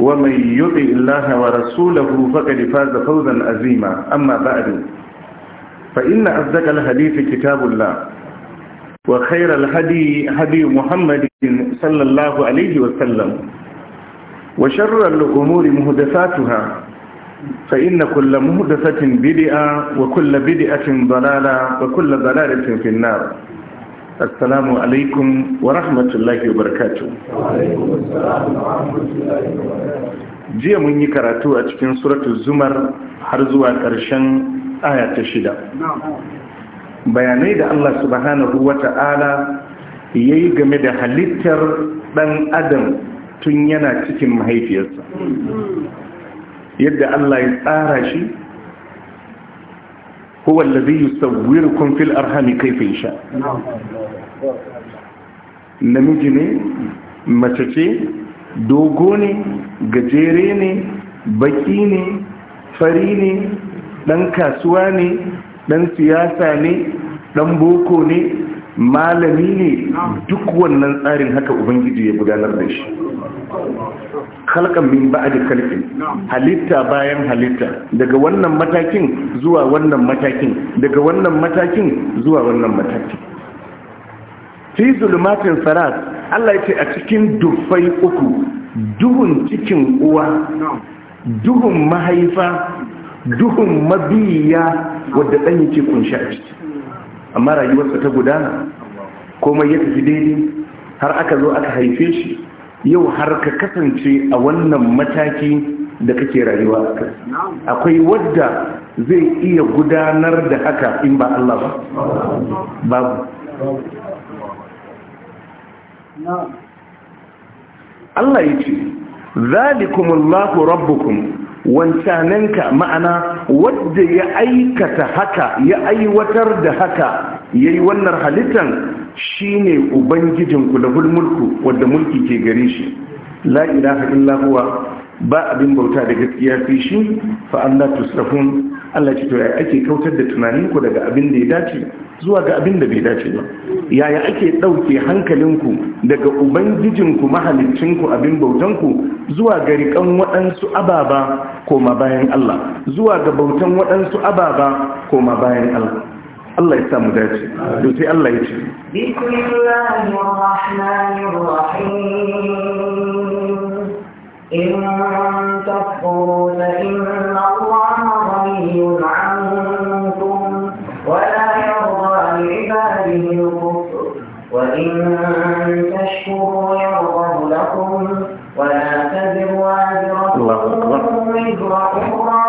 ومن يطع الله ورسوله فقد فاز فوزا عظيما أما بعد فإن أصدق الحديث كتاب الله وخير الهدي هدي محمد صلى الله عليه وسلم وشر الأمور مهدفاتها فإن كل مهدفة بدئة وكل بدئة ضلالة وكل ضلالة في النار assalamu alaikum wa rahmatullahi wa barakatu jiya mun yi karatu a cikin suratu zumar har zuwa ƙarshen aya ta shida bayanai da allah subhanahu wa ta'ala ya yi game da halittar ɗan adam tun yana cikin mahaifiyarsa yadda allah ya tsara shi huwa allazi yusawwirukum fil arhami kayfa yasha namiji ne mace ce dogo ne gajere ne baki ne fari ne ɗan kasuwa ne ɗan siyasa ne ɗan boko ne malami ne duk wannan tsarin haka ubangiji ya gudanar da shi khalqan min ba'di khalqin halitta bayan halitta daga wannan matakin zuwa wannan matakin daga wannan matakin zuwa wannan matakin fi zulumatin salat Allah yake a cikin dufai uku duhun cikin uwa duhun mahaifa duhun mabiya wadda dan yake kunsha a ciki amma rayuwarsa ta gudana komai ya tafi daidai har aka zo aka haife shi yau har ka kasance a wannan mataki da kake rayuwa akwai wadda zai iya gudanar da haka in ba Allah ba babu Allah ya ce zalikumullahu rabbukum wancanenka ma'ana wadda ya aikata haka ya aiwatar da haka ya yi wannan halittan shine ubangijin lahul mulku wadda mulki ke gare shi la'ina ilaha illa ba abin bauta da gaskiya fi shi fa Allah tusrafun Allah ce to ya ake kautar da tunanin ku daga abin da ya dace zuwa ga abin da bai dace ba yaya ake ɗauke hankalinku daga ubangijin ku mahalicin ku abin bautan ku zuwa ga rikan waɗansu ababa ko ma bayan Allah zuwa ga bautan waɗansu ababa ko ma bayan Allah Allah ya samu dace to sai Allah ya ce bismillahir rahmanir rahim إن تكفروا فإن الله غني عنكم ولا يرضى لعباده الكفر وإن تشكروا يرضه لكم ولا تزر وازرة وزر أخرى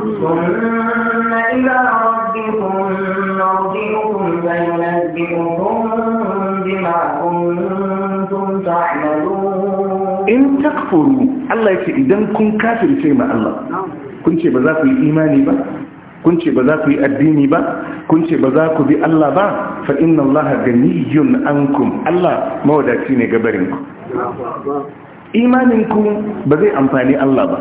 ثم إلى ربكم مرجعكم فينبئكم بما كنتم تعملون إن تكفروا Allah yake idan kun kafirce ma Allah kun ce ba za ku yi imani ba kun ce ba za ku yi addini ba kun ce ba za ku bi Allah ba fa inna Allah ganiyun ankum Allah mawadaci ne gabarin ku imanin ku ba zai amfani Allah ba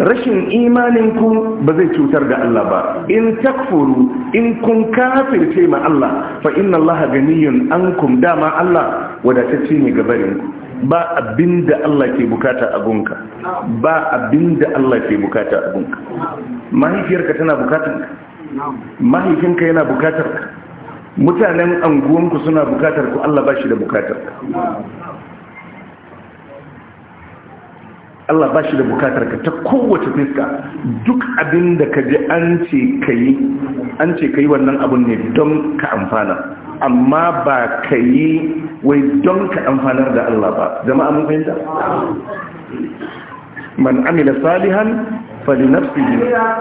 rashin imanin ku ba zai cutar da Allah ba in takfuru in kun kafirce ma Allah fa inna Allah ganiyun ankum dama Allah wadatacce ne gabarin ku ba abin da Allah ke bukata abunka ba abin da Allah ke bukata abunka mahaifiyarka tana bukatar mahaifinka yana bukatar mutanen anguwanku suna bukatar ku Allah ba shi da bukatar Allah ba shi da bukatar ka ta kowace fiska duk abin da ka ji an ce ka yi an ce ka yi wannan abin ne don ka amfana amma ba ka yi wai don ka amfanar da Allah ba jama'a mun fahimta man amila salihan fali nafsihi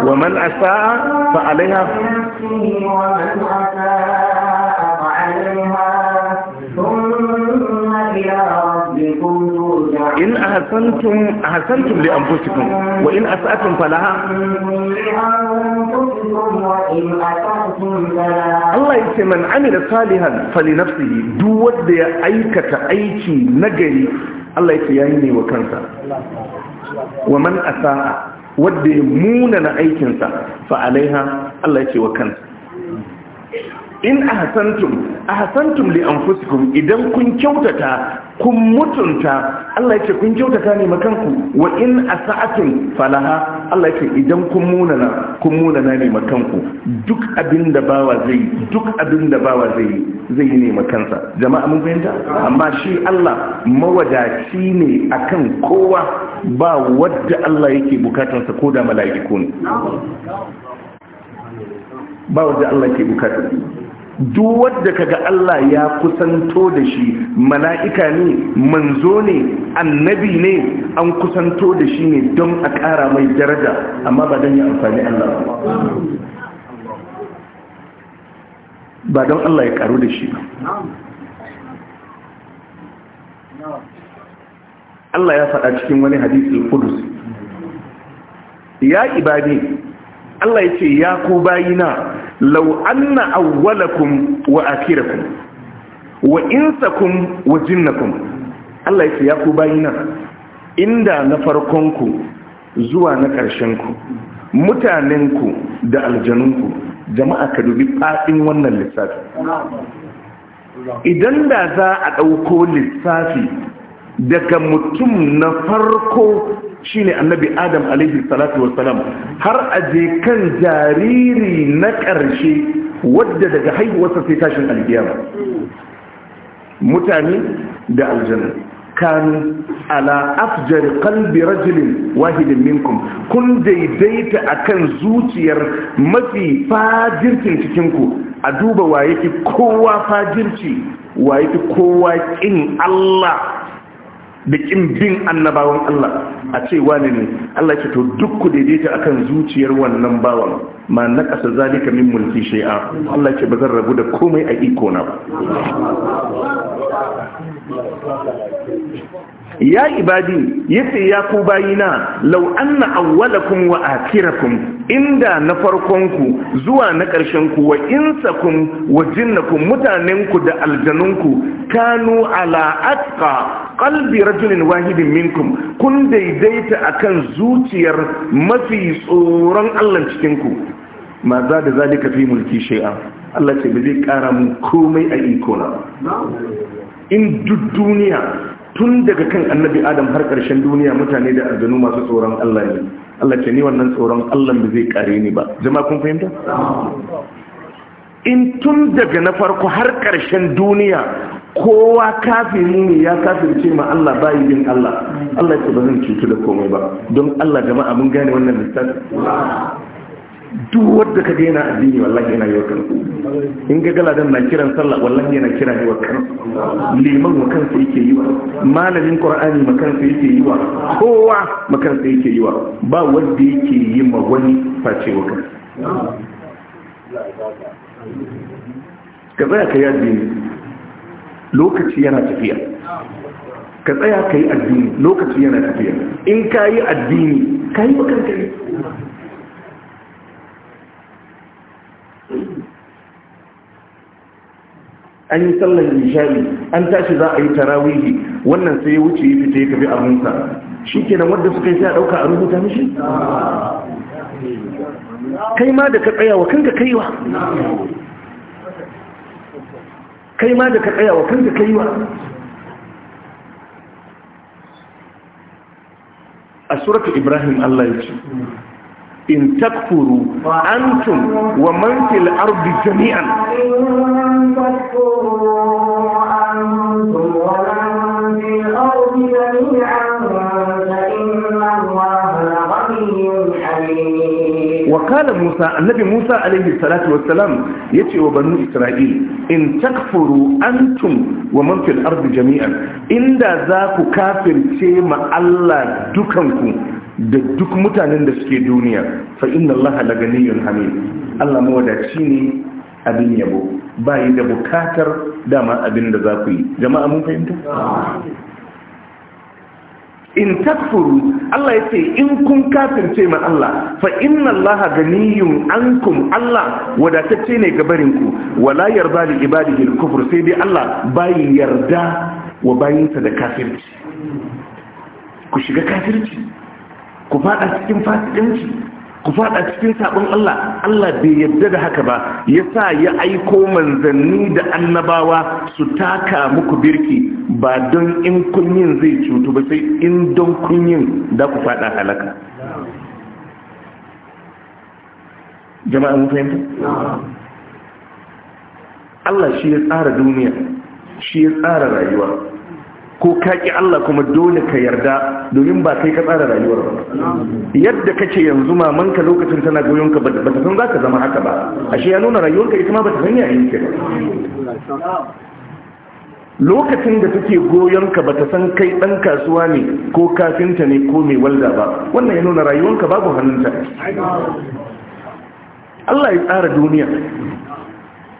wa man asaa fa alaiha wa man asaa in ahsantum ahsantum li anfusikum wa in asa'tum falaha Allah yace man amila salihan fali nafsihi duk wanda ya aikata aiki nagari Allah yace yayi ne wa kansa wa man asaa wanda ya munana aikinsa fa alaiha Allah yace wa kansa in ahsantum ahsantum li anfusikum idan kun kyautata kun mutunta Allah ya ce kun kyautata ne makanku wa in sa'atin falaha Allah ya ce idan kun munana kun munana ne makanku duk abin da bawa zai duk abin da bawa zai zai ne makansa jama'a mun fahimta amma shi Allah mawadaci ne akan kowa ba wadda Allah yake bukatansa ko da mala'iku ne ba wadda Allah yake bukatar duk wadda kaga Allah ya kusanto da shi mala'ika ne manzo ne annabi ne an kusanto da shi ne don a ƙara mai daraja amma ba don ya amfani Allah ba don Allah ya ƙaru da shi ba Allah ya faɗa cikin wani hadisi kudus ya ibadi Allah ya ce ya ku bayina law anna awwalakum wa akhirakum wa insakum wa jinnakum Allah ya ce ya ku bayina inda na farkonku zuwa na ƙarshenku mutanenku da aljanunku jama'a ka dubi faɗin wannan lissafi idan da za a ɗauko lissafi daga mutum na farko shine annabi adam alaihi salatu wassalam har aje kan jariri na ƙarshe wadda daga haihuwarsa sai tashin alkiyama mutane da aljanna kanu ala afjar qalbi rajulin wahidin minkum kun daidaita akan zuciyar mafi fajircin cikin ku a duba wa yake kowa fajirci wa yake kowa kin Allah da kin bin annabawan Allah a ce wani ne Allah ce to duk ku daidaita akan zuciyar wannan bawan ma na kasa zalika min mulki shay'a Allah ce ba zan rabu da komai a iko na ba ya ibadi yace ya ku bayina law anna awwalakum wa akhirakum inda na farkon ku zuwa na ƙarshen ku wa insakum wa jinnakum mutanen ku da aljanunku kanu ala atqa qalbi rajulin wahidin minkum kun daidaita akan zuciyar mafi tsoron Allah cikin ku ma za da zalika fi mulki shay'a Allah ce ba zai kara mu komai a ikona. in duk duniya tun daga kan annabi adam har ƙarshen duniya mutane da aljanu masu tsoron Allah ne Allah ce ni wannan tsoron Allah ba zai kare ni ba jama'a kun fahimta in tun daga na farko har karshen duniya kowa kafin ne ya ce ma Allah bayi bin Allah Allah ce ba zan cutu da komai ba don Allah jama'a mun gane wannan lissafi duk wadda ka daina addini wallahi yana yau kan in ga galadan na kiran sallah wallahi yana kira yi wa kan liman wa kansa yake yi wa malamin qur'ani ma kansa yake yi wa kowa ma kansa yake yi wa ba wanda yake yi ma wani face wa kan ka tsaya ka yi addini lokaci yana tafiya ka tsaya ka yi addini lokaci yana tafiya in ka yi addini ka yi wa kanka ne an yi sallar nishari an tashi za a yi tarawihi wannan sai ya wuce ya fita ya tafi abinsa shi kenan wadda suka yi sai a ɗauka a rubuta mishi kai ma da ka tsaya wa kanka kaiwa kai ma da ka tsaya wa kanka kaiwa a suratu ibrahim allah ya ce in takfuru antum wa man fil ardi jami'an وقال موسى النبي موسى عليه الصلاة والسلام يتي وبنو إسرائيل إن تكفروا أنتم ومن في الأرض جميعا إن ذاك كافر شيء ما الله دكنكم da duk mutanen da suke duniya fa inna allaha la ganiyun hamid Allah mawadaci ne abin yabo bayi da bukatar dama abin da za ku yi jama'a mun fahimta in takfuru Allah ya ce in kun kafirce ma Allah fa inna allaha ganiyun ankum Allah wadatacce ne ga barinku wala yarda li ibadihi al-kufr sai dai Allah bayi yarda wa bayinsa da kafirci ku shiga kafirci ku fada cikin fasikanci ku fada cikin sabon Allah Allah bai yarda da haka ba yasa ya aiko manzanni da annabawa su taka muku birki ba don in kunyin zai cutu ba sai in don kunyin da ku fada halaka jama'a mun fahimta Allah shi ya tsara duniya shi ya tsara rayuwa ko ka ƙi Allah kuma dole ka yarda domin ba kai ka tsara rayuwar ba yadda ce yanzu mamanka lokacin tana goyon ka ba ta san za ka zama haka ba ashe ya nuna rayuwarka ita ma ba ta san yayin ka lokacin da take goyon ka ta san kai dan kasuwa ne ko kafinta ne ko mai walda ba wannan ya nuna rayuwarka babu hannunta Allah ya tsara duniya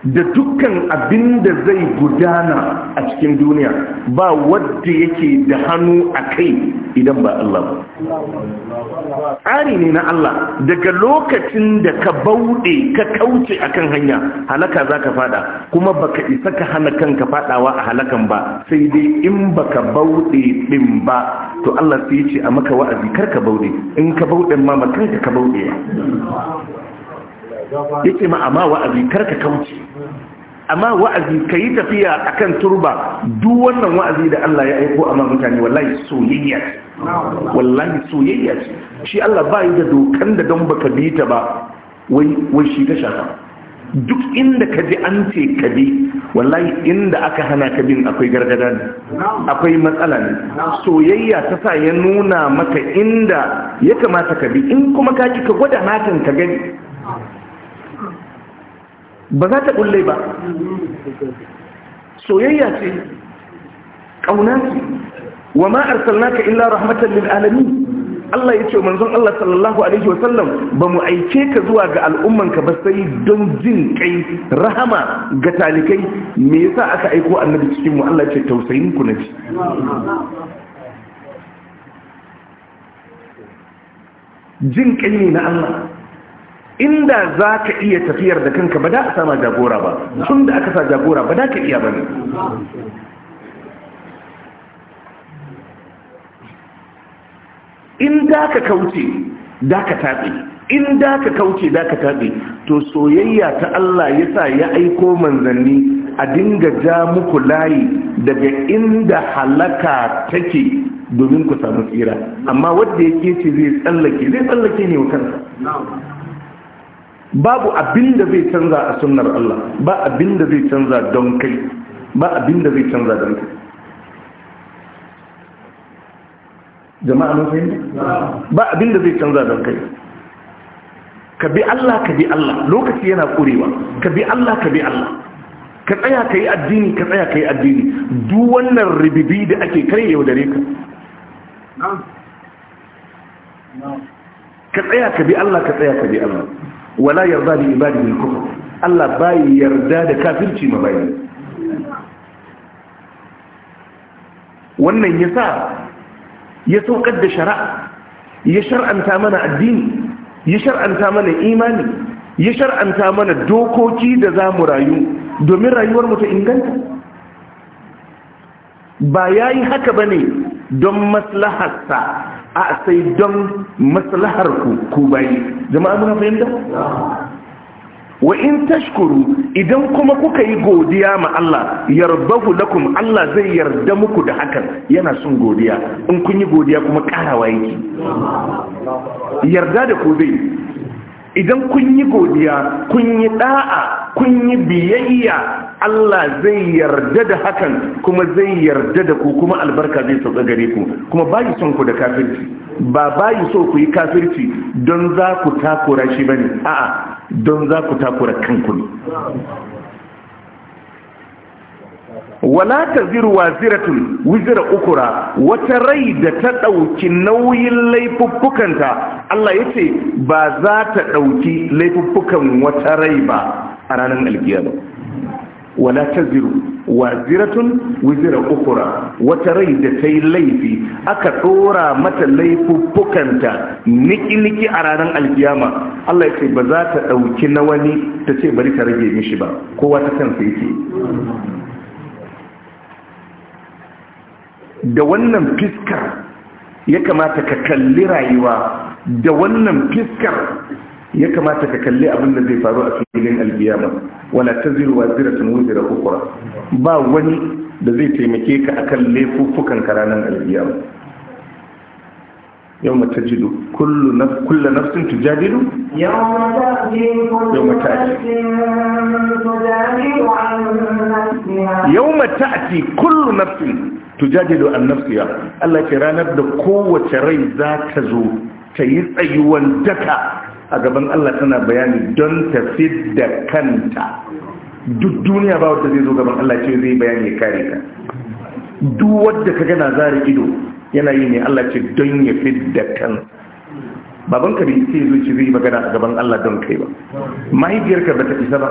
da dukkan abin da zai gudana a cikin duniya ba wadda yake da hannu a kai idan ba Allah ba tsari ne na Allah daga lokacin da ka bauɗe ka kauce a kan hanya halaka za ka fada kuma baka isa ka hana kanka fadawa a halakan ba sai dai in baka bauɗe ɗin ba to Allah sai ce a maka wa'azi kar ka bauɗe in ka bauɗe ma kanka ka bauɗe yake ma amma wa'azi karka kauce amma wa'azi ka yi tafiya a kan turba duk wannan wa'azi da Allah ya aiko a mutane wallahi soyayya ce wallahi soyayya ce shi Allah ba yi da dokan da don baka bi ta ba wai shi ka shafa duk inda ka ji an ce ka bi wallahi inda aka hana ka bin akwai gargada ne akwai matsala ne soyayya ta sa ya nuna maka inda ya kamata ka bi in kuma ka ka gwada matan ka gani ba za ta kulle ba soyayya ce ƙauna ce wa ma ka illa rahmatan lil alami Allah ya ce manzon Allah sallallahu alaihi wasallam ba mu aike ka zuwa ga al'ummanka ba sai don jin kai rahama ga talikai me yasa aka aiko annabi cikin mu Allah ce tausayin ku nabi jin kai ne na Allah inda za ka iya tafiyar da kanka ba da a sama jagora ba tun da aka sa jagora ba da ka iya ba ne in da ka kauce da ka taɓe inda ka kauce da ka taɓe to soyayya ta Allah ya sa ya aiko manzanni a dinga ja muku layi daga inda halaka take domin ku samu tsira amma wadda ya ce zai tsallake zai tsallake ne wa kansa babu abin da zai canza a sunnar Allah ba abin da zai canza don kai ba abin da zai canza don kai jama'a mun fahimta ba abin da zai canza don kai ka bi Allah ka bi Allah lokaci yana kurewa ka bi Allah ka bi Allah ka tsaya ka yi addini ka tsaya ka yi addini duk wannan ribibi da ake kai yau dare ka ka tsaya ka bi Allah ka tsaya ka bi Allah wala yarda da ibadi bil kufr Allah bai yarda da kafirci ma bai wannan yasa ya saukar da shari'a ya shar'anta mana addini ya shar'anta mana imani ya shar'anta mana dokoki da za mu rayu domin rayuwar mu ta inganta ba yayi haka bane don maslaharsa a sai don maslahar ku ku bayi jama'a muna fahimta wa in tashkuru idan kuma kuka yi godiya ma Allah yarbahu lakum Allah zai yarda muku da hakan yana son godiya in kun yi godiya kuma karawa yake yarda da ku zai idan kun yi godiya kun yi da'a kun yi biyayya Allah zai yarda da hakan kuma zai yarda da ku kuma albarka zai sauka gare ku kuma bayi son ku da kafirci ba bayi so ku yi kafirci don za ku takura shi bane a'a don za ku takura kanku ne wala ta ziru waziratun wizira ukura wata rai da ta ɗauki nauyin laifuffukanta Allah ya ce ba za ta ɗauki laifuffukan wata rai ba a ranar alkiyar wala taziru tun wizira ukura wata rai da ta yi laifi aka ɗora mata laifuffukanta niki-niki a ranar alkiyama Allah ya ce ba za ta ɗauki na wani ta ce bari ta rage mishi ba kowa ta kansa yake da wannan fiskar ya kamata ka kalli rayuwa da wannan fiskar ya kamata ka kalli abin da zai faru a filin alkiyama wala taziru waziratun wuzira ukura ba wani da zai taimake ka a kan laifuffukan ka ranar alkiyama يوم تجد كل نفس كل نفس تجادل يوم تجد يوم nafsin tu تأتي كل نفس تجادل عن نفسها الله ترانا da kowace rai za ta zo ta yi tsayuwan daka a gaban Allah tana bayani don ta da kanta duk duniya ba wadda zai zo gaban Allah ce zai bayani ya kare ka duk wadda ka gana zari ido yana yi ne Allah ce don ya da kan babanka bai ce zuci zai magana a gaban Allah don kai ba mahaifiyarka ba ta isa ba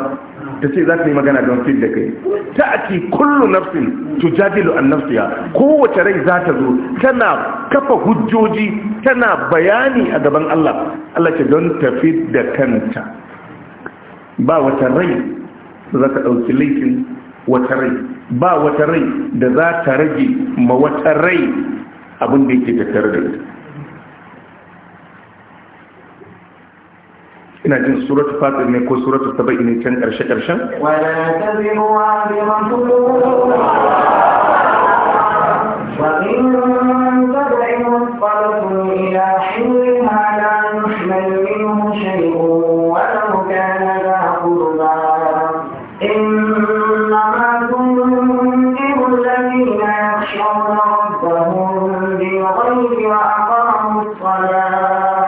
ta ce za ta yi magana don fit da kai ta ake kullu nafsin tujadilu an nafsiya kowace rai za ta zo tana kafa hujjoji tana bayani a gaban Allah Allah ce don ta fit da kanta ba wata rai za ta ɗauki laifin wata rai ba wata rai da za ta rage ma wata rai abin da yake tattare da ita ina jin suratul fatir ne ko suratul saba'i ne can karshe karshen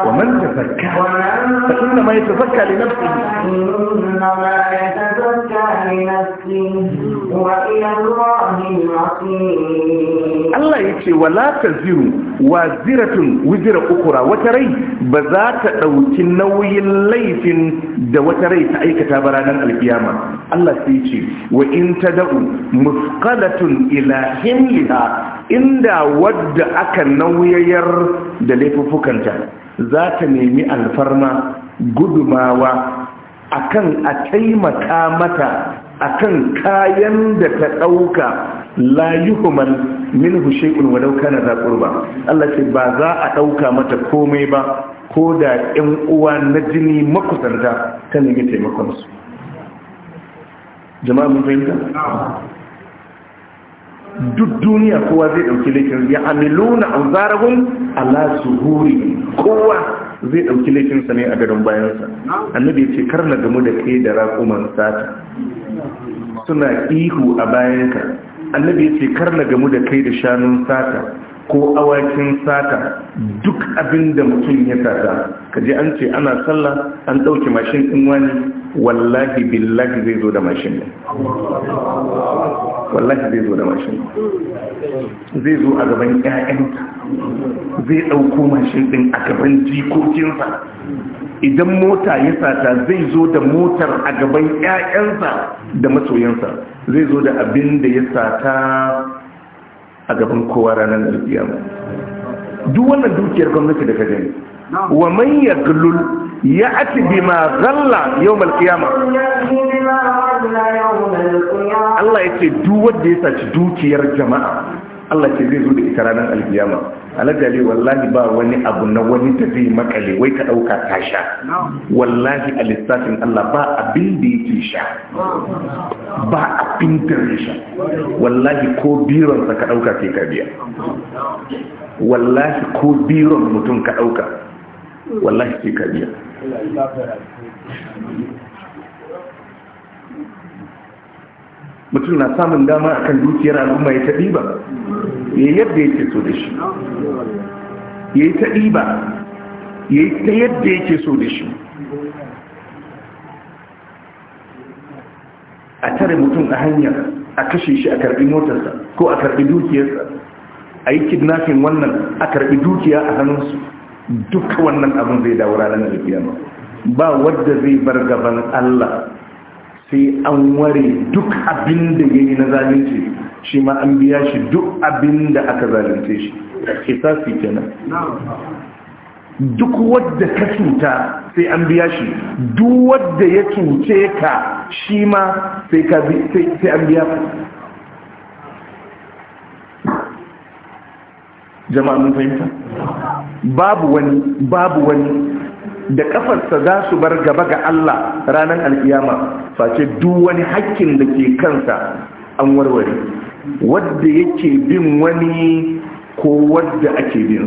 ومن تفكر إنما يتزكى لنفسه إنما يتزكى لنفسه وإلى الله المصير الله يتي ولا تزر وزرة وزر أخرى وتري بذات ɗauki nauyin laifin da wata rai ta aikata ba ranar alkiyama Allah sai ce wa in ta da'u musqalatun ila himliha inda wadda aka nauyayar da laifuffukanta za ta nemi alfarma gudumawa akan a taimaka mata a kan kayan da ta ɗauka layuhuman min hushekun shay'un walau za Allah ce ba za a ɗauka mata komai ba ko da ƴan uwa na jini makusanta ta nemi taimakon jama'a mun fahimta duk duniya kowa zai ɗauki laifin ya amiluna Zarahun ala zuhuri kowa zai ɗauki laifinsa ne a garin bayansa annabi ce kar na gamu da kai da raƙuman sata suna ihu a bayanka annabi ce kar na gamu da kai da shanun sata ko awakin sata duk abin da mutum ya sata kaje an ce ana sallah an ɗauki mashin ɗin wani wallahi billahi zai zo da mashin ne wallahi zai zo da mashin zai zo a gaban ƴaƴanta zai ɗauko mashin ɗin a gaban jikokinsa idan mota ya sata zai zo da motar a gaban ƴaƴansa da masoyansa zai zo da abin da ya sata a gaban kowa ranar alfiyar duk wannan dukiyar gwamnati da ka gani wa man yaglul يأتي بما غل Allah القيامة الله يتي دوت ديسا dukiyar jama'a. Allah ce zai zo da ita ranar alkiyama alajali wallahi ba wani abu na wani ta zai makale wai ka ɗauka ta sha wallahi a lissafin Allah ba abin da yake sha ba abin da sha wallahi ko biron ka ɗauka sai ka biya wallahi ko biron mutum ka ɗauka wallahi sai ka biya mutum na samun dama akan dukiyar al'umma ya taɗi ba ya yadda yake so da shi ya yi taɗi ba ya yi ta yadda yake so da shi a tare mutum a hanyar a kashe shi a karbi motarsa ko a karbi dukiyarsa a yi kidnafin wannan a karbi dukiya a hannunsu duk wannan abin zai dawo ranar alkiyama ba wadda zai bar gaban Allah sai an ware duk abin da ya yi na zalunci shi ma an biya shi duk abin da aka zalunce shi kisasi kenan duk wadda ka cuta sai an biya shi duk wadda ya cuce ka shi ma sai an biya jama'a mun fahimta babu wani babu wani da kafarsa za su bar gaba ga Allah ranar alkiyama face duk wani hakkin da ke kansa an warware wadda yake bin wani ko wadda ake bin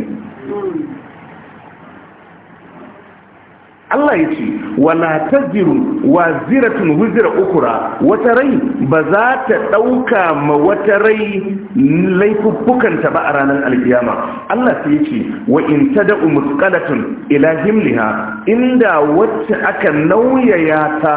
Allah ya ce wala taziru wa ziratun wuzira ukura wata rai ba za ta ɗauka ma wata rai laifuffukanta ba a ranar alkiyama Allah sai ya ce wa in tada'u musqalatun ila himliha inda wacce aka nauyaya ta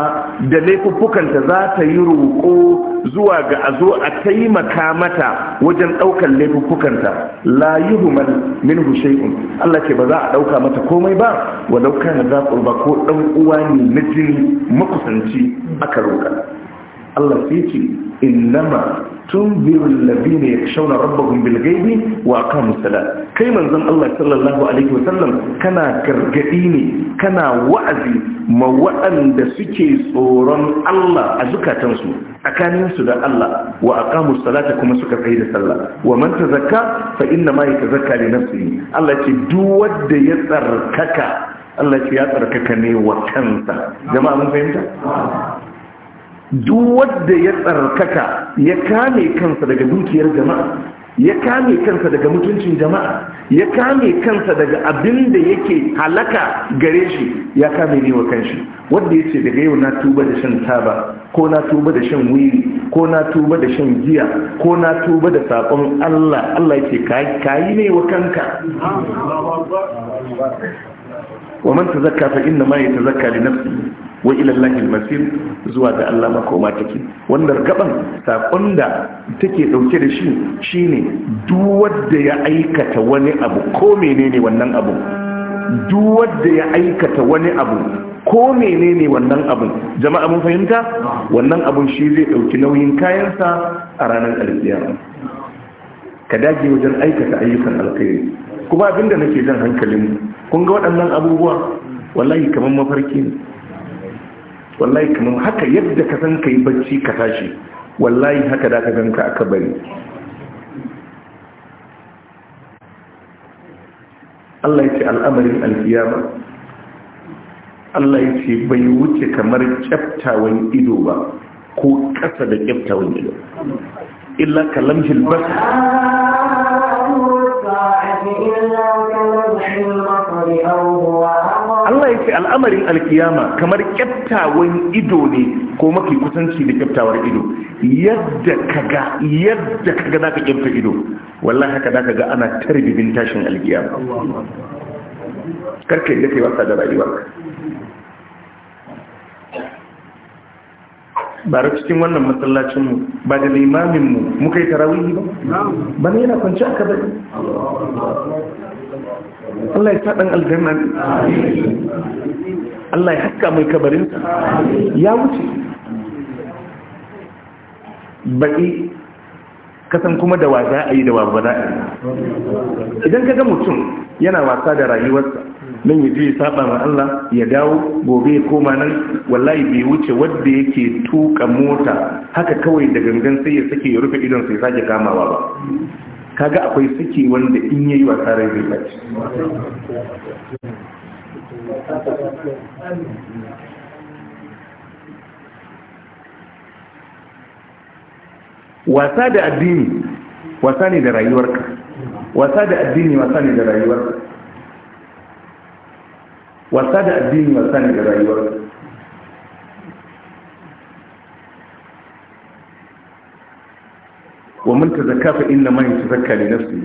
da laifuffukanta za ta yi roƙo zuwa ga a zo a taimaka mata wajen ɗaukar laifukanta, la yuhmal min shay'un Allah ce ba za a ɗauka mata komai ba Wa ɗaukar kana ba ko ɗan uwa ne na jini makusanci aka roƙa Allah sai ce innama tunzirul ladina yakshawna rabbahum bil ghaibi wa aqamus salat kai manzon Allah sallallahu alaihi kana gargadi ne kana wa'azi ma waɗanda suke tsoron Allah a zukatansu tsakaninsu da Allah wa aqamus salata kuma suka tsaye da sallah wa man tazakka fa inna ma yatazakka li nafsihi Allah ce duk wanda ya tsarkaka Allah ce ya tsarkaka ne wa kansa jama'a mun fahimta duk wadda ya tsarkaka ya kame kansa daga dukiyar jama'a ya kame kansa daga mutuncin jama'a ya kame kansa daga abin da yake halaka gare shi ya kame ne wa kanshi Wadda ya ce daga yau na tuba da shan taba ko na tuba da shan wuri, ko na tuba da shan giya ko na tuba da saƙon allah allah ya ce kayi ne wa kanka wa man tazakka fa inna ma yatazakka li nafsihi wa ila Allahi al-masir zuwa ga Allah makoma take wanda gaban sakon da take ɗauke da shi shine duk wanda ya aikata wani abu ko menene wannan abun jama'a fahimta wannan abun shi zai ɗauki nauyin kayansa a ranar alkiyama ka dage wajen aikata ayyukan alkhairi kuma abinda nake jan hankalin kun ga waɗannan abubuwa wallahi kamar mafarki ne wallahi kamar haka yadda ka san ka yi bacci ka tashi wallahi haka da ka san ka aka bari Allah ya ce al'amarin alfiyama Allah ya ce bai wuce kamar kyaftawan ido ba ko ƙasa da kyaftawan ido illa kalamshil basa Allah ya ce al'amarin alkiyama kamar kyaftawan ido ne ko mafi kusanci da kyaftawar ido yadda ka ga yadda kaga ga ka kyafta ido wallahi haka zaka ga ana tarbibin tashin alkiyama karka yadda kai wasa da rayuwa da cikin wannan masallacinmu ba da limaminmu muka yi tarawihi ba ba ne yana kwanci aka bai Allah ya saɗan aljanna Allah ya haska mai kabarinsa ya wuce baƙi kasan kuma da wa za a yi da wa ba za a yi idan ka ga mutum yana wasa da rayuwarsa nan ya je ya saba ma Allah ya dawo gobe ya koma nan wallahi bai wuce wanda yake tuka mota haka kawai da gangan sai ya sake ya rufe idon sai sake kamawa ba kaga akwai saki wanda in yayi wasa rai zai bace wasa da addini wasa ne da rayuwarka wasa da addini wasa ne da rayuwarka wasa da addini wasa ne da rayuwar wa mun ta zakka fa su man ne na nafsi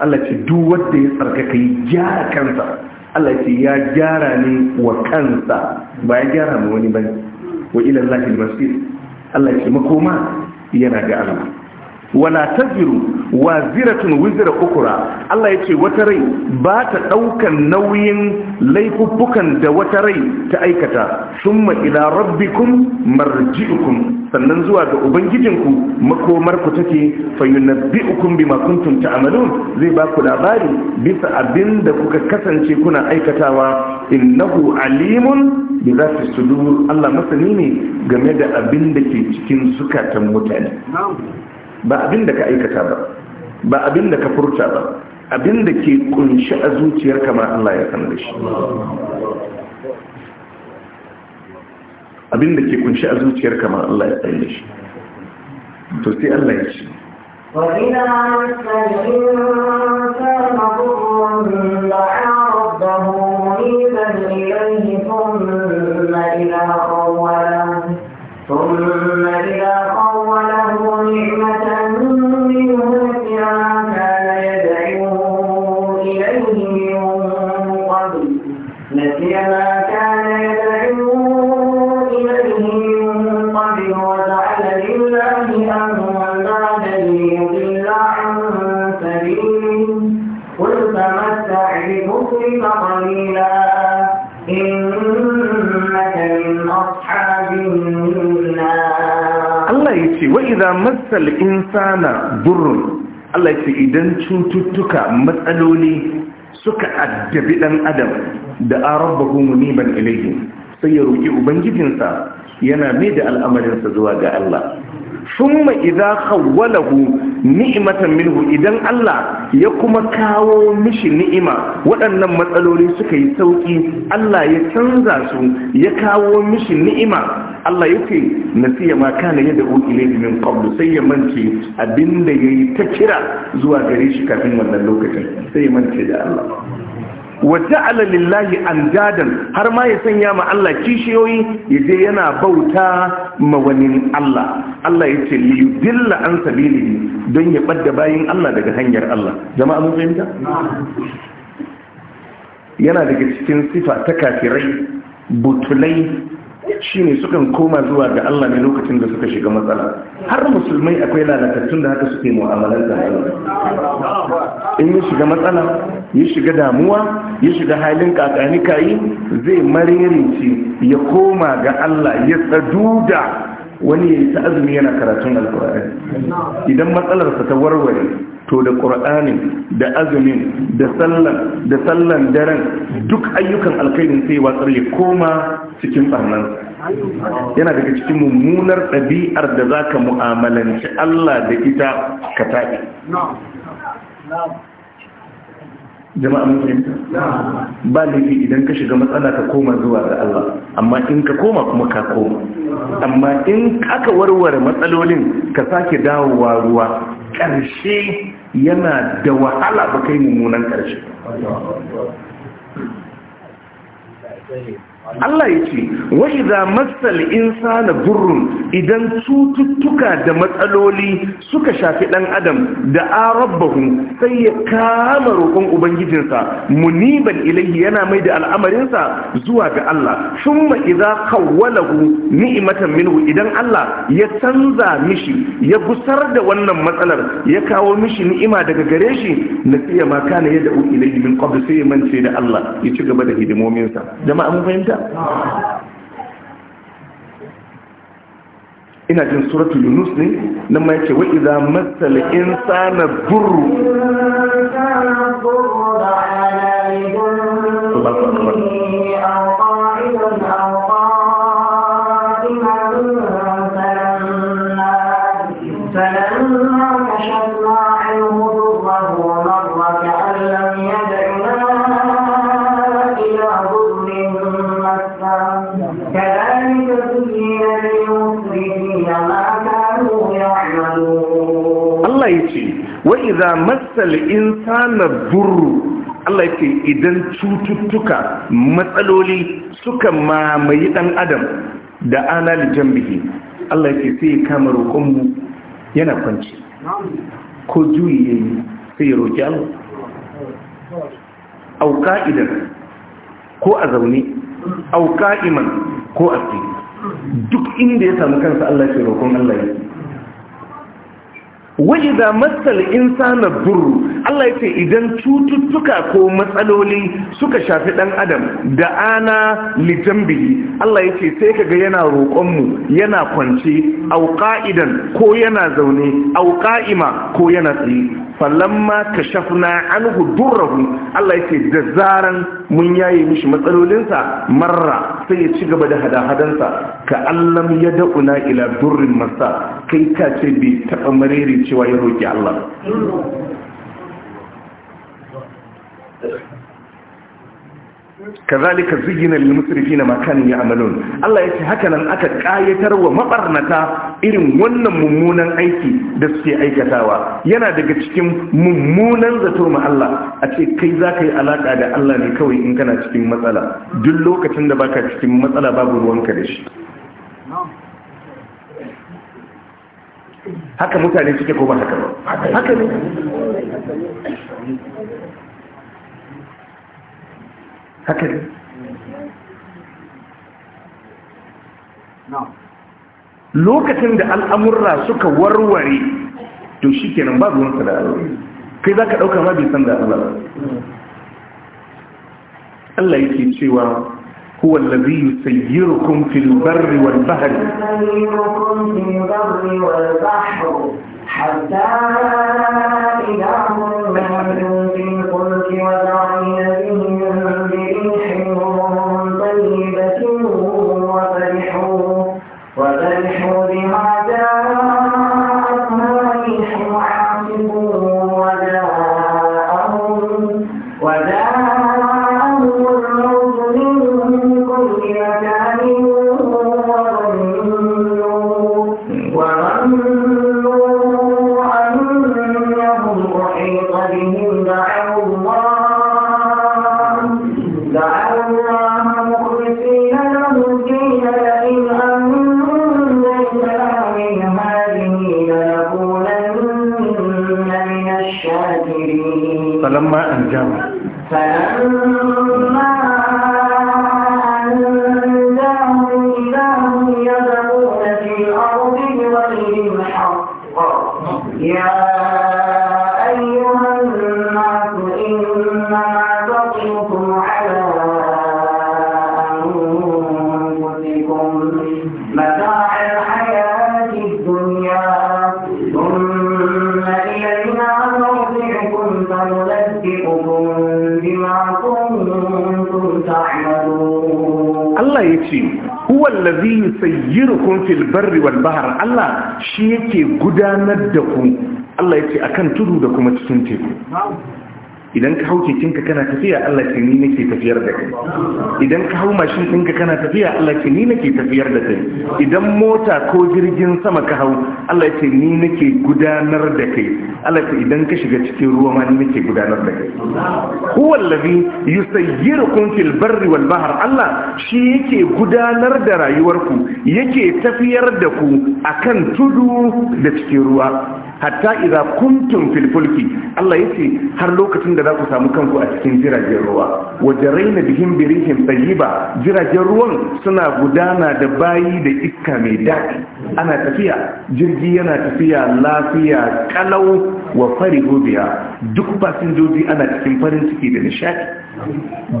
Allah ce duk wadda ya tsarkaka yi gyara kansa Allah ce ya gyara ne wa kansa ba ya gyara ma wani bane wa ila Allahil masir Allah ce makoma yana ga Allah wala taziru waziratun wizra ukura Allah ya ce wata rai ba ta daukan nauyin laifuffukan da wata rai ta aikata summa ila rabbikum marji'ukum sannan zuwa ga ubangijinku makomar ku take fayunabbi'ukum bima kuntum ta'malun zai ba ku labari bisa abin da kuka kasance kuna aikatawa innahu alimun bi zati sudur Allah masani ne game da abin da ke cikin zukatan mutane ba abin da ka aikata ba ba abin da ka furta ba abin da ke kunshi a zuciyar kama Allah ya san da shi abin da ke kunshi a zuciyar kama Allah ya san da shi to sai Allah ya ce wa مس الإنسان da ta ربه منيبا ثم إذا قوله نعمة wa'iza wa insana durrun Allah ce idan cututtuka matsaloli suka addabi ɗan adam da arabahu muniban ilayhi sai ya roki ubangijinsa yana mai da al'amarinsa zuwa ga Allah thumma idza khawwalahu ni'imatan minhu idan Allah ya kuma kawo mishi ni'ima waɗannan matsaloli suka yi sauƙi Allah ya canza su ya kawo mishi ni'ima Allah yake nasiya ma kana yadda ukilayhi min qablu sai ya mance abinda yayi ta kira zuwa gare shi kafin wannan lokacin sai ya mance da Allah wa ja'ala lillahi andadan har ma ya sanya ma Allah kishiyoyi ya je yana bauta ma wani Allah Allah yace li yudilla an sabilihi don ya ɓadda bayin Allah daga hanyar Allah jama'a mun fahimta yana daga cikin sifa ta kafirai butulai shi ne sukan koma zuwa ga Allah ne lokacin da suka shiga matsala har musulmai akwai lalatattun da haka suke mu'amalar da Allah in ya shiga matsala ya shiga damuwa ya shiga halin kakani kayi zai maririnci ya koma ga Allah ya tsaduda wani ya ta azumi yana karatun alkur'ani idan matsalarsa ta warware to da ƙur'ani, da azumin da sallan da sallan daren duk ayyukan alkhairin sai watsar ya koma cikin barnan yana daga cikin mummunar ɗabi'ar da za ka mu'amalanci Allah da ita ka taƙi. jama'a musulmi ba laifi idan ka shiga matsala ka koma zuwa ga Allah amma in ka koma kuma ka koma amma in aka warware matsalolin ka sake dawowa ruwa ƙarshe yana da wahala ba kai mummunan ƙarshe Allah ya ce wai za matsal insana durrun idan cututtuka da matsaloli suka shafi ɗan adam da a'rabahu sai ya kama roƙon ubangijinsa muniban ilaihi yana mai da al'amarinsa zuwa ga Allah summa idza kawwalahu ni'matan minhu idan Allah ya canza mishi ya gusar da wannan matsalar ya kawo mishi ni'ima daga gare shi nasiya ma kana yadda ilaihi min qabl sai ya mance da Allah ya ci gaba da hidimominsa jama'a mun fahimta ina jin suratul yunus ne nan ma yake wa idza masal insana burru Allahu iza matsal insana durru Allah ya ce idan cututtuka matsaloli suka mamaye dan adam da ana lijan biki, Allah ya ce sai kama roƙonmu yana kwanci ko juyi ya yi sai ya roƙi Allah au idan ko a zaune au ka'iman ko a tsaye duk inda ya samu kansa Allah ya ce roƙon Allah ya wa'ida matsal insana burru Allah ya ce idan cututtuka ko matsaloli suka shafi ɗan adam da ana lijambihi Allah ya ce sai kaga yana roƙonmu yana kwance au ko yana zaune au ko yana tsaye falamma kashafna anhu durrahu Allah ya yake da zaran mun yaye mishi matsalolinsa marra sai ya ci gaba da hada-hadansa ka allam ya da'una ila durrin masa kai ka ce bai taɓa maririn cewa ya roƙi Allah kazalika zayyana lil musrifina ma kanu ya'malun Allah yace haka nan aka kayatar wa mabarnata irin wannan mummunan aiki da suke aikatawa yana daga cikin mummunan zato ma Allah a ce kai zaka yi alaka da Allah ne kawai in kana cikin matsala duk lokacin da baka cikin matsala babu ruwanka da shi haka mutane suke ko ba haka ba haka ne هكذا نعم لوكتن ده الامر سوكا ورواري تو شيكينن باب وان كده كاي ما بي سان ده الله الله يكي شيوا هو الذي يسيركم في البر والبحر يسيركم في البر والبحر حتى إذا كنتم في الفلك وتعين Allah ya ce يتي huwa allazi yusayyirukum fil barri wal bahr Allah shi yake gudanar da ku Allah a kan tudu da kuma cikin teku idan ka hau kekinka kana tafiya Allah ce ni nake tafiyar da kai idan ka hau mashin ɗinka kana tafiya Allah ce ni nake tafiyar da kai idan mota ko jirgin sama ka hau Allah ce ni nake gudanar da kai Allah ce idan ka shiga cikin ruwa ma ni nake gudanar da kai huwa allazi yusayyirukum fil barri wal bahr Allah shi yake gudanar da rayuwarku yake tafiyar da ku akan tudu da cikin ruwa hatta idza kuntum fil fulki Allah yake har lokacin da za ku samu kanku a cikin jiragen ruwa wajen raina bihin birihin tsayiba jiragen ruwan suna gudana da bayi da iska mai daɗi ana tafiya jirgi yana tafiya lafiya kalau wa fari biya duk fasinjoji ana cikin farin ciki da nishaɗi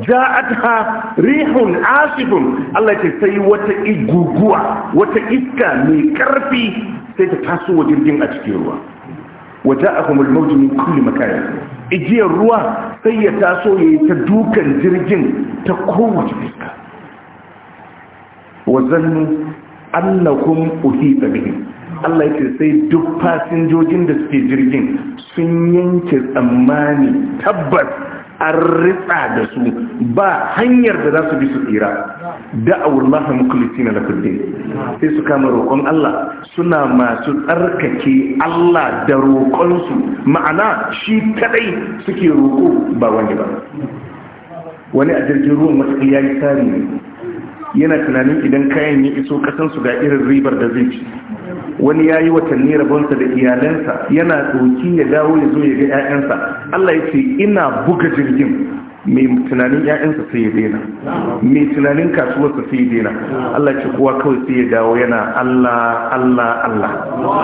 ja'atha rihun asifun Allah ce sai wata iguguwa wata iska mai karfi sai ta taso wa jirgin a cikin ruwa وجاءهم الموج من kulli مكان igiyar ruwa sai ya taso ya yi ta dukan jirgin ta kowace fiska wazannu kun ƙuhi bihim Allah ya ce sai duk fasinjojin da suke jirgin sun yanke tsammani tabbas an ritsa da su ba hanyar da za su bi su tsira da'awul laha mukulisi na din sai su kama roƙon Allah suna masu tsarkake Allah da roƙonsu ma'ana shi kadai suke roƙo ba wani ba wani a jirgin ruwan ya yi tsari ne yana tunanin idan kayan ya iso kasansu ga irin ribar da zai ci wani ya yi watanni rabonsa da iyalansa yana tsoki ya dawo ya zo ya ga 'ya'yansa Allah ya ce ina buga jirgin mai tunanin 'ya'yansa sai ya daina mai tunanin kasuwarsa sai ya daina Allah ce kowa kawai sai ya dawo yana Allah Allah Allah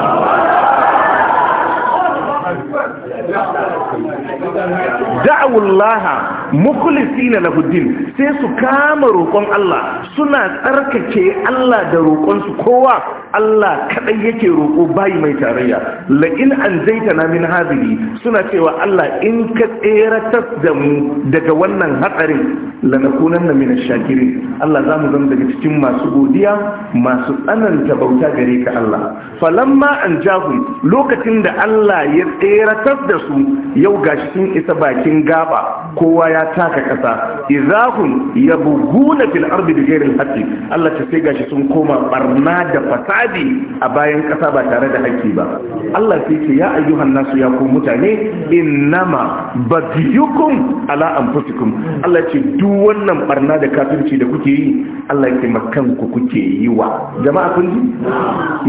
da'awullaha mukhlisina lahu din sai su kama roƙon Allah suna tsarkake Allah da roƙon su kowa Allah kadai yake roƙo bai mai tarayya la in anzaitana min hadhihi suna cewa Allah in ka tseratar da mu daga wannan hatsarin lanakunanna min ash-shakirin Allah zamu zama daga cikin masu godiya masu tsananta bauta gare ka Allah falamma an jahu lokacin da Allah ya tseratar da su yau gashi sun isa bakin bakin gaba kowa ya taka kasa izahum yabghuna fil ardi bighairi al-haqqi Allah ta sai gashi sun koma barna da fasadi a bayan kasa ba tare da haƙƙi ba Allah sai ce ya ayyuhan nasu ya ku mutane innama baghiyukum ala anfusikum Allah ce duk wannan barna da kafirci da kuke yi Allah ya makan ku kuke yi wa jama'a kun ji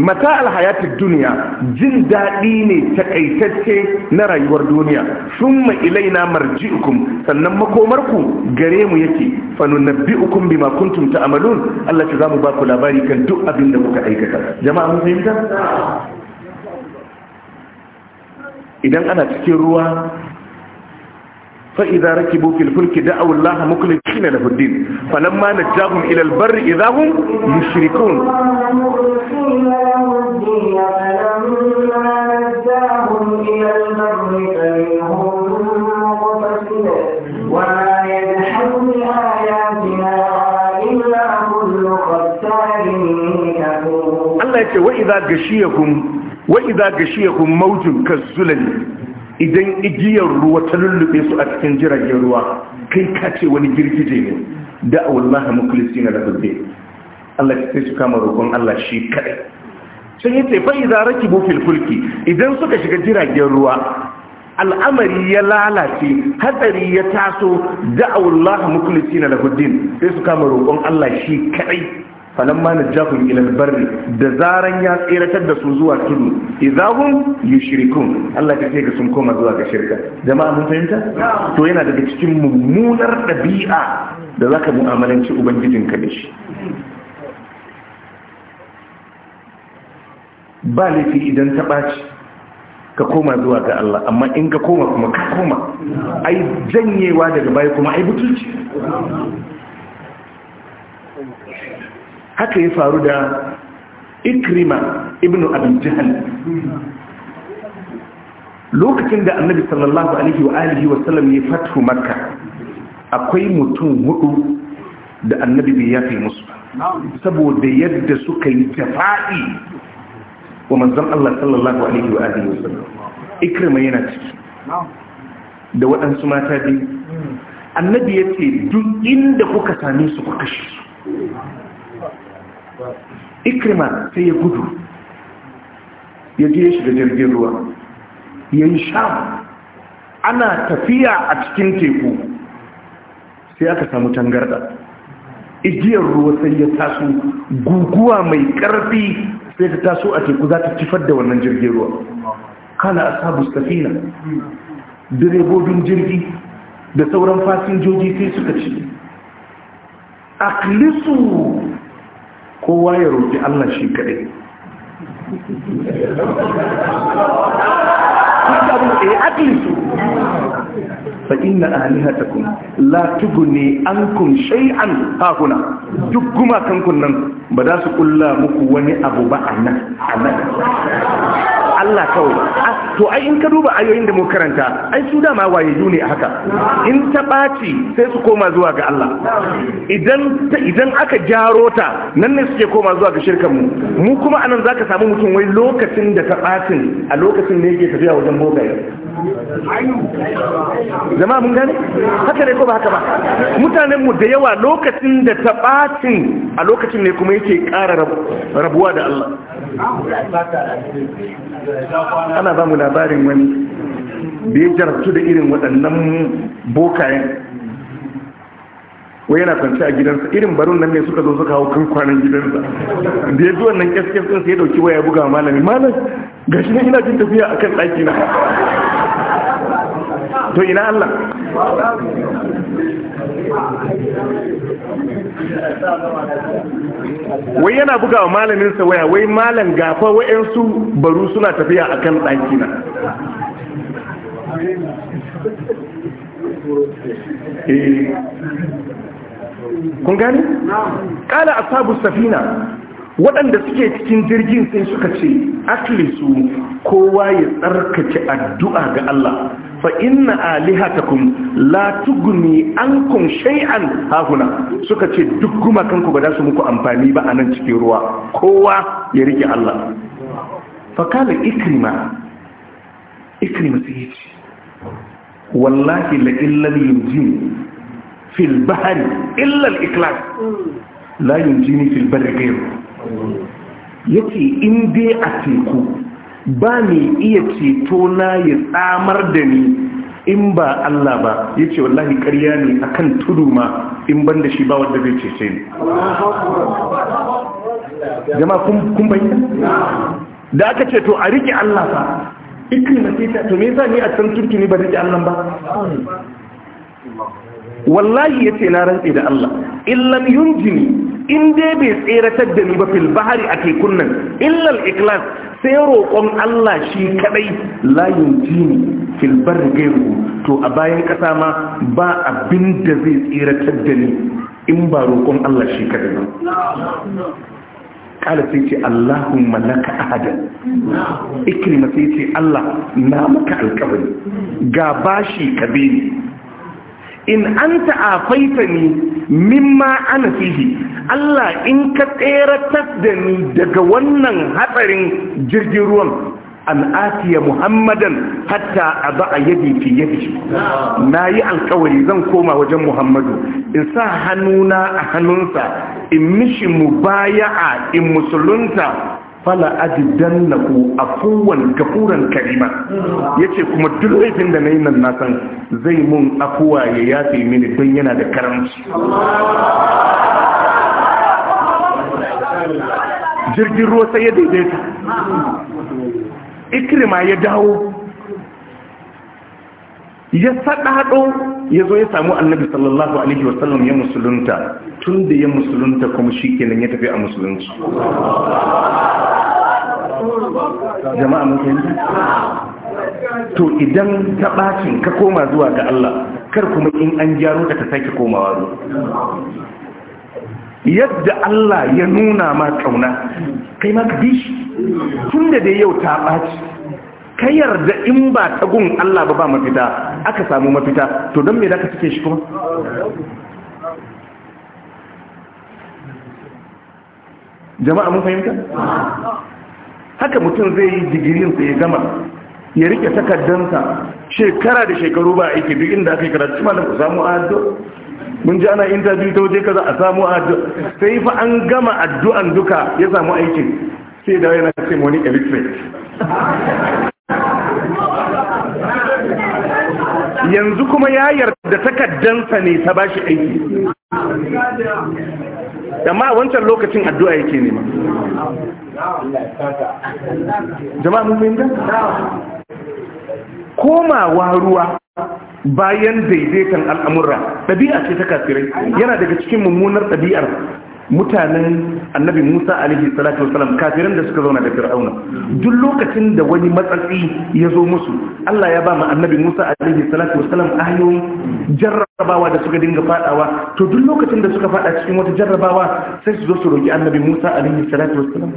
mata alhayatid dunya jin dadi ne takaitacce na rayuwar duniya summa ilaina marji'ukum sannan makomarku gare mu yake fa nunabbi'ukum bima kuntum ta'malun Allah ya zamu ba ku labari kan duk abin da kuka aikata jama'a mun fahimta idan ana cikin ruwa فإذا ركبوا في الفلك دعوا الله مخلصين له الدين فلما نجاهم إلى البر إذا هم يشركون فلما إلى Allah ya ce إلا كل ختار كفور الله يقول mautun غشيكم idan igiyar ruwa ta lullube su a cikin jiragen ruwa kai ka ce wani girgije ne da wallahi mukulisi na da dubbe Allah sai su kama roƙon Allah shi kadai sun yi tefai za raki bufil fulki idan suka shiga jiragen ruwa al'amari ya lalace hatsari ya taso da'awullah na lahuddin sai su kama roƙon Allah shi ma na jahun ilal barri da zaran ya tseratar da su zuwa tudu yi shirikun. Allah ta ce ga sun koma zuwa ga shirka jama'a mun fahimta to yana daga cikin mummunar ɗabi'a da za ka mu'amalanci ubangijin da shi ba laifi idan ta ɓaci ka koma zuwa ga Allah amma in ka koma kuma ka koma ai janyewa daga baya kuma ai butulci haka ya faru da ikrima ibn abin jihal lokacin da annabi sallallahu alaihi wa alihi wa sallam ya fatu makka akwai mutum hudu da annabi bai yafe musu saboda yadda suka yi jafa'i wa manzon Allah sallallahu alaihi wa alihi ikrima yana ciki da waɗansu mata biyu annabi ya ce duk inda kuka sami su ku kashe su ikrima sai ya gudu ya je shiga jirgin ruwa ya yi ana tafiya a cikin teku sai aka samu tangarda igiyar ruwa sai ya taso guguwa mai ƙarfi sai ta taso a teku za ta tifar da wannan jirgin ruwa kana sabu safina direbobin jirgi da sauran fasinjoji sai suka ce aklisu kowa ya roƙi Allah shi kaɗai fa inna alihatakum la tughni ankum shay'an ha kuna duk gumakan nan ba za su kulla muku wani abu ba anan anan Allah kawai ah, to ai in ka duba ayoyin da mu karanta ai su dama waye ne haka in ta baci sai su koma zuwa ga Allah idan idan aka jaro ta nan ne suke koma zuwa ga shirkan mu mu kuma anan zaka samu mutum wai lokacin da ta ɓacin a lokacin ne yake tafiya wajen bogaye jama'a mun gane haka ne ko ba haka ba mutanen mu da yawa lokacin da ta ɓacin a lokacin ne kuma yake ƙara rabuwa da Allah ana ba mu labarin wani da ya jarabtu da irin waɗannan bokayen wai yana kwanci a gidansa irin barun nan ne suka zo suka hau kan kwanan gidansa da ya zuwa nan kyaskyas ɗinsa ya dauki waya buga malami malam gashi ne ina jin tafiya akan ɗaki na to ina Allah wai yana buga wa malamin sa waya wai malam gafa wayansu baru suna tafiya a kan ɗakina. Eh. kun gani kala ashabu safina waɗanda suke cikin jirgin sai suka ce aklisu kowa ya tsarkake addu'a ga Allah fa inna alihatakum la tugni ankum shay'an hahuna suka ce duk gumakanku ba za su muku amfani ba a nan cikin ruwa kowa ya rike Allah fa kala ikrima ikrima sai ce wallahi la illal yunji fil bahri illa ikhlas la yunjini fil barri ce in dai a teku ba mai iya ceto na ya tsamar da ni in ba Allah ba ya ce wallahi ƙarya ne a kan tudu ma in ban da shi ba wanda zai cece ni jama kun bayyana da aka ce to a riƙe Allah fa ikin na sai ta to me yasa ni a can turki ne ba riƙe Allah ba wallahi ya ce na rantse da Allah yunji yunjini in dai bai tseratar da ni ba fil bahari a tekun nan illal ikhlas sai roƙon Allah shi kadai la yunjini fil bar gairu to a bayan kasa ma ba abin da zai tseratar da ni in ba roƙon Allah shi kadai ba kala sai ce Allahumma laka ahada ikrima sai ce Allah na maka alƙawari ga bashi ni. in an ta'afaita ni mimma ana fihi Allah in ka tseratar da ni daga wannan hatsarin jirgin ruwan an atiya muhammadan hatta a ba a yadi fi yadi na yi alkawari zan koma wajen muhammadu in sa hannuna a hannunsa in mishi mubaya'a in musulunta fala ajidan na ku a afuwan gafuran karima ya ce kuma duk laifin da na yi nan nasan zai mun afuwa ya yafe mini don yana da karamci jirgin ruwa sai ya daidaita ikirma ya dawo ya haɗo ya zo ya samu annabi sallallahu alaihi wasallam ya musulunta tun da ya musulunta kuma shi kenan ya tafi a musulunci jama'a mun to idan ta bacin ka koma zuwa ga Allah kar kuma in an gyaro ka ta sake komawa ba. yadda Allah ya nuna ma kauna kai ma ka bi shi tun da dai yau ta ɓaci. ka yarda in ba ta gun Allah ba ba mafita aka samu mafita to don me da ka cike shi kuma jama'a mun fahimta haka mutum zai yi digirinsa ya gama ya rike takardansa shekara da shekaru ba aiki duk inda aka yi karatu ma da ku samu addo mun ji ana interview ta waje kaza a samu addo sai fa an gama addu'an duka ya samu aikin sai da yana ce wani electric yanzu kuma ya yarda takaddansa ne ta bashi aiki amma a wancan lokacin addu'a yake nema jama'a mun komawa ruwa bayan daidaitan al'amura, ɗabi'a ce ta kafirai yana daga cikin mummunar ɗabi'ar mutanen annabi musa alaihi salatu wasalam kafiran da suka zauna da fir'auna duk lokacin da wani matsatsi ya zo musu allah ya ba mu annabi musa alaihi salatu wasalam ayoyi jarrabawa da suka dinga fadawa to duk lokacin da suka fada cikin wata jarrabawa sai su zo su roƙi annabi musa alaihi salatu wasalam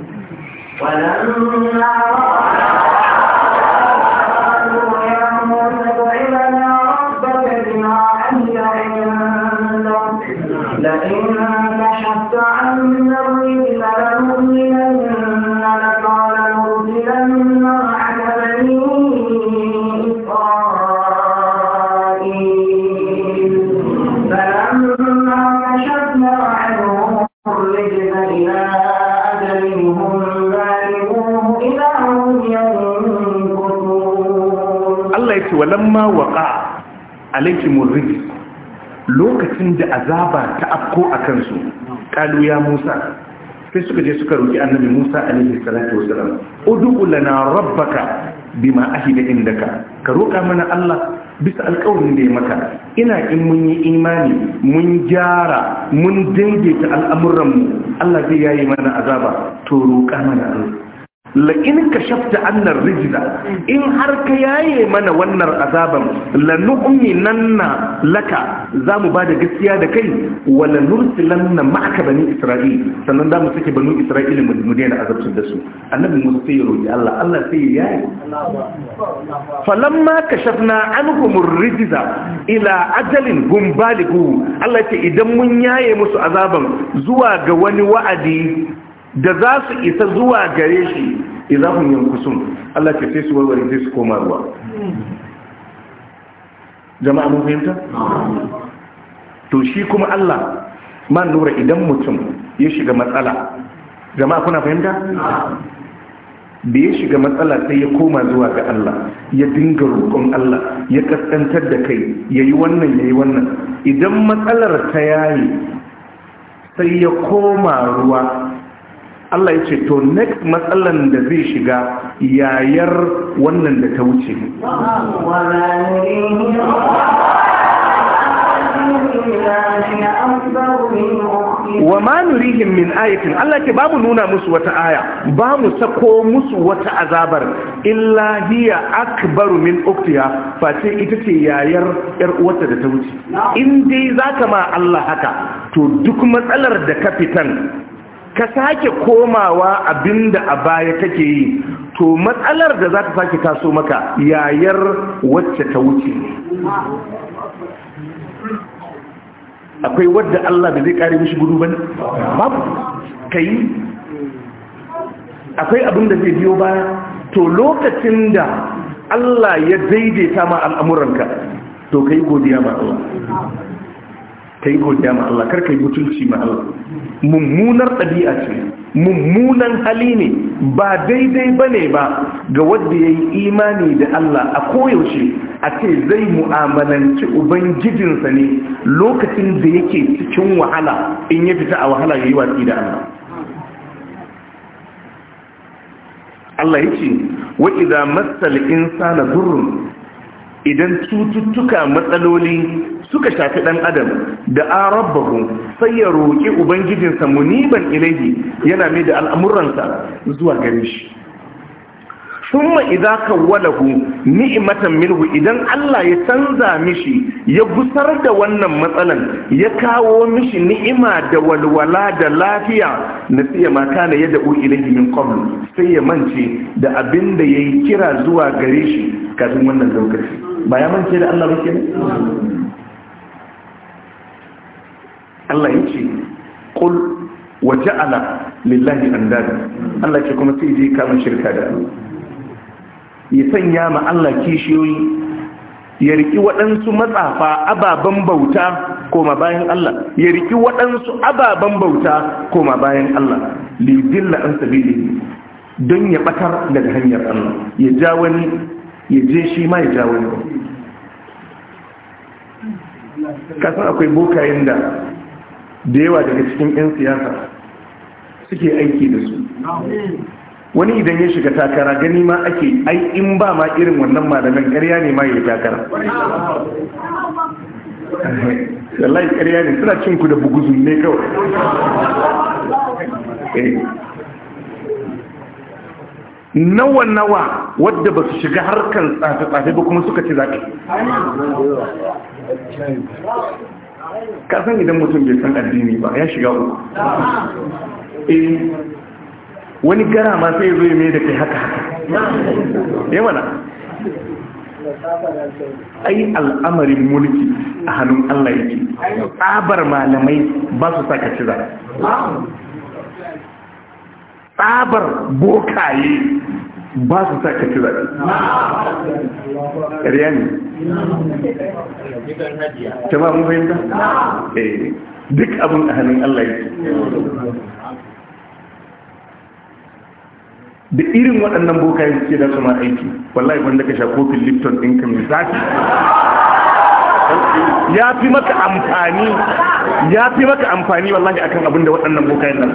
لئن حتى عن الرجل لنؤمنن لك ولنرسلن معك بني إسرائيل فلما كشفنا عنهم الرجل إلى أجل هم بالغوه إذا هم ينكثون الله يقول ولما وقع عليكم الرجل lokacin da azaba ta afko kalu ya musa sai suka je suka roki annabi musa alaihi salatu wasalam ud'u lana rabbaka bima ahida indaka ka roka mana allah bisa alƙawarin da ya maka ina in mun yi imani mun gyara mun daidaita al'amuranmu allah zai yayi mana azaba to roka mana allah la'in ka annar rijila in har ka yaye mana wannan azaban lanu'ummi nanna laka za mu ba da gaskiya da kai wala nursilan na ma'aka bani isra'il sannan za mu sake bani isra'il mu daina azabtar da su annabi musu sai ya roƙi allah allah sai ya yaye falamma ka shafna anhumur rijila ila ajalin hum baligu allah ce idan mun yaye musu azaban zuwa ga wani wa'adi da za su isa zuwa gare shi yin kusun, Allah ke sai su warware sai su koma ruwa jama'a mun fahimta to shi kuma Allah man lura idan mutum ya shiga matsala jama'a kuna fahimta da ya shiga matsala sai ya koma zuwa ga Allah ya dinga roƙon Allah ya kaskantar da kai ya yi wannan ya yi wannan idan matsalar ta yayi sai ya koma ruwa Allah ya ce to next matsalan da zai shiga yayar wannan da ta wuce wa ma nurihim min ayatin Allah ke babu nuna musu wata aya ba mu sako musu wata azabar illa hiya akbaru min uktiha face ita ce yayar yar uwarta da ta wuce in dai zaka ma Allah haka to duk matsalar da ka fitan ka sake komawa abinda a baya kake yi to matsalar da za ta sake taso maka yayar wacce ta wuce akwai wadda Allah da zai kare mishi gudu bane babu kai akwai abin da zai biyo baya to lokacin da Allah ya daidaita ma al'amuranka to kai godiya ma Allah ka yi godiya ma Allah kar ka yi mutunci ma Allah mummunar ɗabi'a ce mummunan hali ne ba daidai ba ne ba ga wanda ya yi imani da Allah a koyaushe a ce zai mu'amalanci ubangijinsa ne lokacin da yake cikin wahala in ya fita a wahala ya yi watsi da Allah Allah ya ce wa idza masal insana durrun idan cututtuka matsaloli suka shafi ɗan adam da an rabbahu sai ya roƙi ubangijinsa muniban ilahi yana mai da al'amuransa zuwa gare shi summa idza walahu ni'matan minhu idan Allah ya canza mishi ya gusar da wannan matsalan ya kawo mishi ni'ima da walwala da lafiya na nasiya ne ya u ilayhi min qabl sai ya mance da abinda da yayi kira zuwa gare shi kafin wannan lokaci ba ya mance da Allah ba ke Allah ya ce kul wa ja'ala lillahi andada Allah ce kuma sai je kama shirka da Allah ya sanya ma Allah kishiyoyi ya riki waɗansu matsafa ababen bauta koma bayan Allah ya riki waɗansu ababen bauta koma bayan Allah lidilla an sabili don ya ɓatar daga hanyar Allah ya ja wani ya je shi ma ya ja kasan akwai bokayen da da yawa daga cikin 'yan siyasa suke aiki da su wani idan ya shiga takara gani ma ake ai in ba ma irin wannan malamin karya ne ma ya takara wallahi karya ne suna cinku da bugu ne kawai eh. nawa nawa wadda ba su shiga harkar tsafe-tsafe ba kuma suka ce Ka kasan idan mutum bai san addini ba ya shiga uku eh, wani gara ma sai zai mai da kai haka haka ya mana ai al'amarin mulki a hannun allah yake tsabar malamai ba su sa ka ci tsabar bokaye ba su sa ka ci zaɓe Ƙariya ne ta ba mu fahimta? Eh, duk abin a hannun Allah yake da irin waɗannan bokayen suke da su ma aiki wallahi wanda ka sha kofin lipton ɗinka mai zafi ya fi maka amfani ya fi maka amfani wallahi akan abin da waɗannan bokayen nan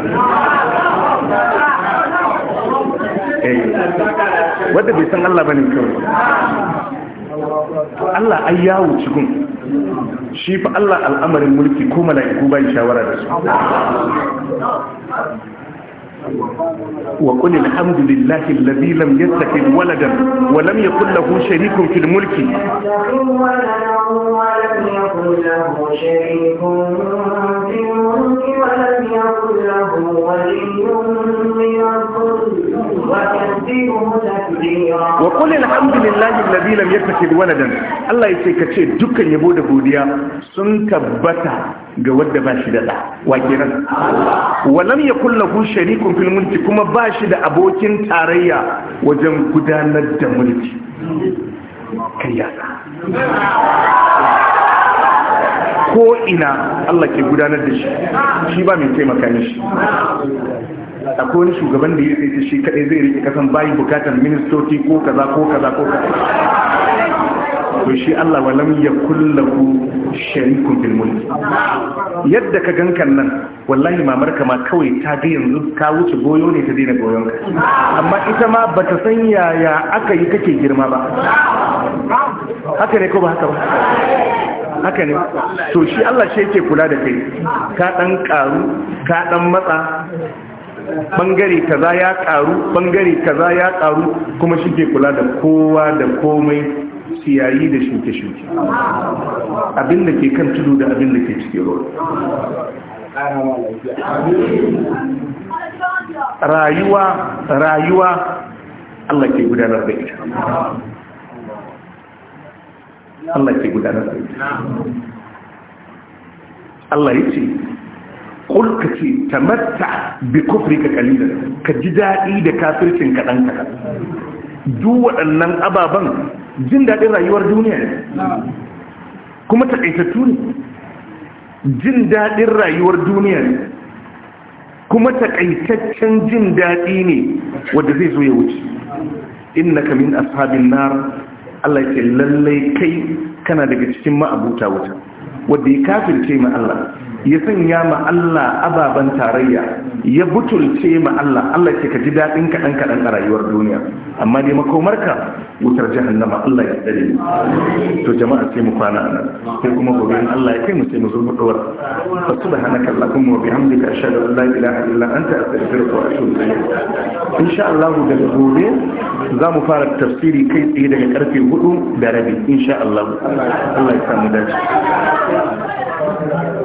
wadda bai san Allah bane kawai Allah ai ya wuce gun shi fa Allah al'amarin mulki ko mala'iku bai shawara da su وقل الحمد لله الذي لم يتخذ ولدا ولم يكن له شريك في الملك ولم يكن له شريك في الملك ولم يكن له ولي من الظلم wa qul alhamdulillahi alladhi lam yattakhid waladan Allah yace kace dukkan yabo da godiya sun tabbata ga wanda ba shi da da wa kenan wa lam yakul lahu sharikun fil mulki kuma ba shi da abokin tarayya wajen gudanar da mulki kayyaka ko ina Allah ke gudanar da shi shi ba mai taimaka mishi akwai wani shugaban da ya sai shi kadai zai rike kasan bayi bukatar ministoci ko kaza ko kaza ko kaza to shi Allah wa lam yakul lahu sharikun bil mulk yadda ka gankan nan wallahi mamar ka ma kawai ta ga yanzu ka wuce goyo ne ta daina goyon ka amma ita ma bata san yaya aka yi kake girma ba haka ne ko ba haka ba haka ne to shi Allah shi yake kula da kai ka dan karu ka dan matsa bangare kaza ya karu bangare kaza ya karu kuma shi ke kula da kowa da komai siyayi da shuke-shuke abin da ke kan tudu da abin da ke cikin ruwa rayuwa rayuwa Allah ke gudanar da ita Allah ke gudanar da ita Allah ya ce kulka ce tamatta bi kufri ka kalilan ka ji daɗi da kafircin ɗan kaɗan duk waɗannan ababen jin daɗin rayuwar duniya ne kuma taƙaitattu ne jin daɗin rayuwar duniya ne kuma taƙaitaccen jin daɗi ne wanda zai zo ya wuce ka min ashabin nar Allah ke lallai kai kana daga cikin ma'abuta wuta wanda ya kafirce ma Allah ya sanya ma Allah ababen tarayya ya butulce ma Allah Allah ce ka ji daɗin kaɗan kaɗan a rayuwar duniya amma dai makomarka wutar jahannama Allah ya tsare to jama'a sai mu kwana a nan sai kuma gobe in Allah ya kai mu sai mu zo mu dora fa subhanaka allahumma wa bihamdika ashhadu an la ilaha illa anta astaghfiruka wa atubu ilayk insha Allah daga gobe za mu fara tafsiri kai tsaye daga karfe 4 da rabi insha Allah Allah ya samu dace